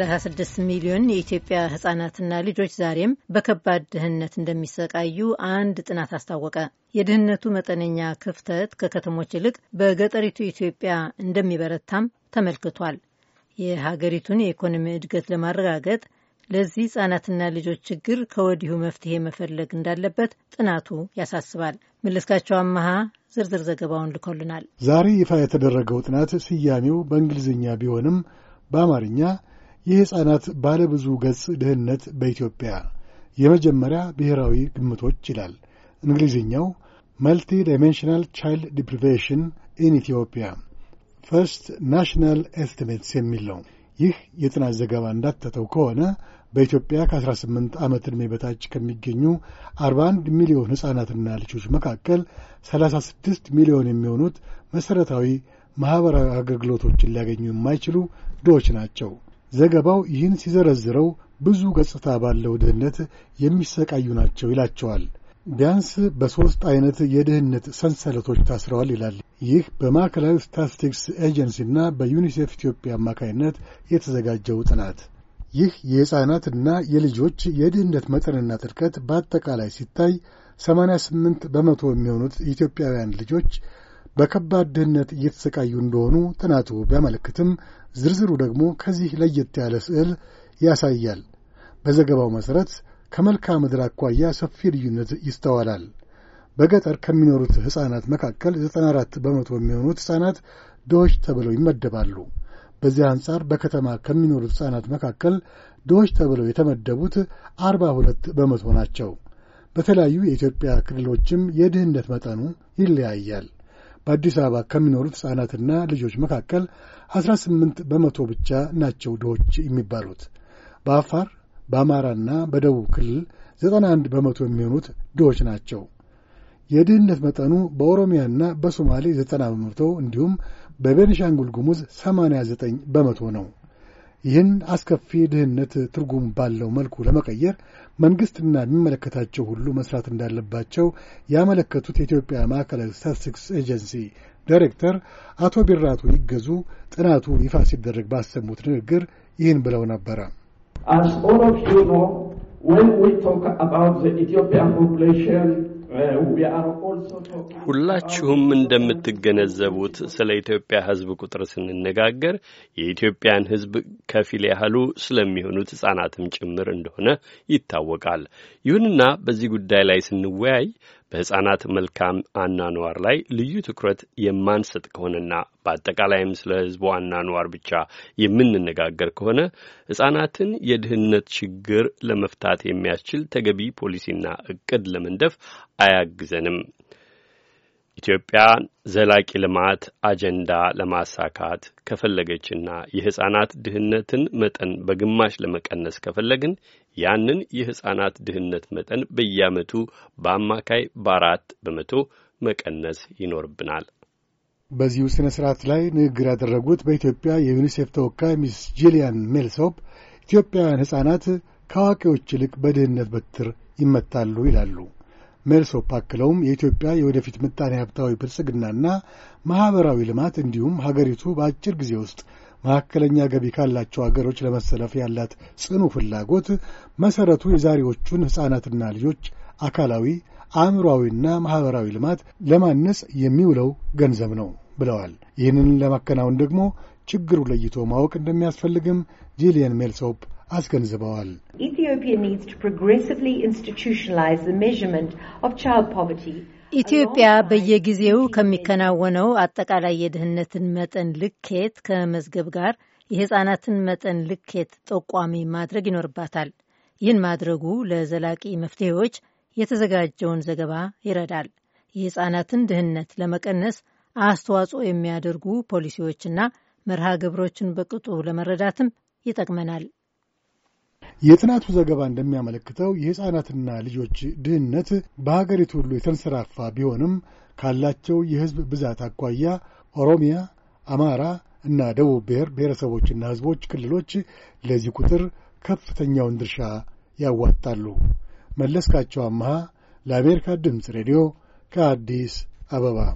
36 ሚሊዮን የኢትዮጵያ ህጻናትና ልጆች ዛሬም በከባድ ድህነት እንደሚሰቃዩ አንድ ጥናት አስታወቀ። የድህነቱ መጠነኛ ክፍተት ከከተሞች ይልቅ በገጠሪቱ ኢትዮጵያ እንደሚበረታም ተመልክቷል። የሀገሪቱን የኢኮኖሚ እድገት ለማረጋገጥ ለዚህ ህጻናትና ልጆች ችግር ከወዲሁ መፍትሄ መፈለግ እንዳለበት ጥናቱ ያሳስባል። መለስካቸው አመሃ ዝርዝር ዘገባውን ልኮልናል። ዛሬ ይፋ የተደረገው ጥናት ስያሜው በእንግሊዝኛ ቢሆንም በአማርኛ የሕፃናት ባለብዙ ገጽ ድህነት በኢትዮጵያ የመጀመሪያ ብሔራዊ ግምቶች ይላል እንግሊዝኛው መልቲ ዳይሜንሽናል ቻይልድ ዲፕሪቬሽን ኢን ኢትዮጵያ ፈርስት ናሽናል ኤስቲሜትስ የሚል ነው። ይህ የጥናት ዘገባ እንዳተተው ከሆነ በኢትዮጵያ ከ18 ዓመት ዕድሜ በታች ከሚገኙ 41 ሚሊዮን ሕፃናትና ልጆች መካከል 36 ሚሊዮን የሚሆኑት መሠረታዊ ማኅበራዊ አገልግሎቶችን ሊያገኙ የማይችሉ ድሆች ናቸው። ዘገባው ይህን ሲዘረዝረው ብዙ ገጽታ ባለው ድህነት የሚሰቃዩ ናቸው ይላቸዋል። ቢያንስ በሦስት ዐይነት የድህነት ሰንሰለቶች ታስረዋል ይላል። ይህ በማዕከላዊ ስታትስቲክስ ኤጀንሲና በዩኒሴፍ ኢትዮጵያ አማካይነት የተዘጋጀው ጥናት ይህ የሕፃናትና የልጆች የድህነት መጠንና ጥልቀት በአጠቃላይ ሲታይ 88 በመቶ የሚሆኑት ኢትዮጵያውያን ልጆች በከባድ ድህነት እየተሰቃዩ እንደሆኑ ጥናቱ ቢያመለክትም ዝርዝሩ ደግሞ ከዚህ ለየት ያለ ስዕል ያሳያል። በዘገባው መሠረት ከመልክዓ ምድር አኳያ ሰፊ ልዩነት ይስተዋላል። በገጠር ከሚኖሩት ሕፃናት መካከል 94 በመቶ የሚሆኑት ሕፃናት ድሆች ተብለው ይመደባሉ። በዚህ አንጻር በከተማ ከሚኖሩት ሕፃናት መካከል ድሆች ተብለው የተመደቡት 42 በመቶ ናቸው። በተለያዩ የኢትዮጵያ ክልሎችም የድህነት መጠኑ ይለያያል። በአዲስ አበባ ከሚኖሩት ሕፃናትና ልጆች መካከል 18 በመቶ ብቻ ናቸው ድሆች የሚባሉት። በአፋር በአማራና በደቡብ ክልል 91 በመቶ የሚሆኑት ድሆች ናቸው። የድህነት መጠኑ በኦሮሚያና በሶማሌ 90 በመቶ እንዲሁም በቤንሻንጉል ጉሙዝ 89 በመቶ ነው። ይህን አስከፊ ድህነት ትርጉም ባለው መልኩ ለመቀየር መንግሥትና የሚመለከታቸው ሁሉ መስራት እንዳለባቸው ያመለከቱት የኢትዮጵያ ማዕከላዊ ስታትስቲክስ ኤጀንሲ ዳይሬክተር አቶ ቢራቱ ይገዙ ጥናቱ ይፋ ሲደረግ ባሰሙት ንግግር ይህን ብለው ነበረ። uh, ሁላችሁም እንደምትገነዘቡት ስለ ኢትዮጵያ ሕዝብ ቁጥር ስንነጋገር የኢትዮጵያን ሕዝብ ከፊል ያህሉ ስለሚሆኑት ሕፃናትም ጭምር እንደሆነ ይታወቃል። ይሁንና በዚህ ጉዳይ ላይ ስንወያይ በሕፃናት መልካም አናኗር ላይ ልዩ ትኩረት የማንሰጥ ከሆነና በአጠቃላይም ስለ ሕዝቡ አናኗር ብቻ የምንነጋገር ከሆነ ሕፃናትን የድህነት ችግር ለመፍታት የሚያስችል ተገቢ ፖሊሲና እቅድ ለመንደፍ አያግዘንም። ኢትዮጵያ ዘላቂ ልማት አጀንዳ ለማሳካት ከፈለገችና የሕፃናት ድህነትን መጠን በግማሽ ለመቀነስ ከፈለግን ያንን የሕፃናት ድህነት መጠን በየዓመቱ በአማካይ በአራት በመቶ መቀነስ ይኖርብናል። በዚሁ ሥነ ሥርዓት ላይ ንግግር ያደረጉት በኢትዮጵያ የዩኒሴፍ ተወካይ ሚስ ጂሊያን ሜልሶፕ ኢትዮጵያውያን ሕፃናት ከአዋቂዎች ይልቅ በድህነት በትር ይመታሉ ይላሉ። ሜልሶፕ አክለውም የኢትዮጵያ የወደፊት ምጣኔ ሀብታዊ ብልጽግናና ማኅበራዊ ልማት እንዲሁም ሀገሪቱ በአጭር ጊዜ ውስጥ መካከለኛ ገቢ ካላቸው አገሮች ለመሰለፍ ያላት ጽኑ ፍላጎት መሠረቱ የዛሬዎቹን ሕፃናትና ልጆች አካላዊ አእምሮአዊና ማኅበራዊ ልማት ለማነጽ የሚውለው ገንዘብ ነው ብለዋል። ይህንን ለማከናወን ደግሞ ችግሩ ለይቶ ማወቅ እንደሚያስፈልግም ጂሊየን ሜልሶፕ አስገንዝበዋል። ኢትዮጵያ በየጊዜው ከሚከናወነው አጠቃላይ የድህነትን መጠን ልኬት ከመዝገብ ጋር የህፃናትን መጠን ልኬት ጠቋሚ ማድረግ ይኖርባታል። ይህን ማድረጉ ለዘላቂ መፍትሄዎች የተዘጋጀውን ዘገባ ይረዳል። የህፃናትን ድህነት ለመቀነስ አስተዋጽኦ የሚያደርጉ ፖሊሲዎችና መርሃ ግብሮችን በቅጡ ለመረዳትም ይጠቅመናል። የጥናቱ ዘገባ እንደሚያመለክተው የሕፃናትና ልጆች ድህነት በሀገሪቱ ሁሉ የተንሰራፋ ቢሆንም ካላቸው የሕዝብ ብዛት አኳያ ኦሮሚያ፣ አማራ እና ደቡብ ብሔር ብሔረሰቦችና ሕዝቦች ክልሎች ለዚህ ቁጥር ከፍተኛውን ድርሻ ያዋጣሉ። መለስካቸው አመሃ ለአሜሪካ ድምፅ ሬዲዮ ከአዲስ አበባ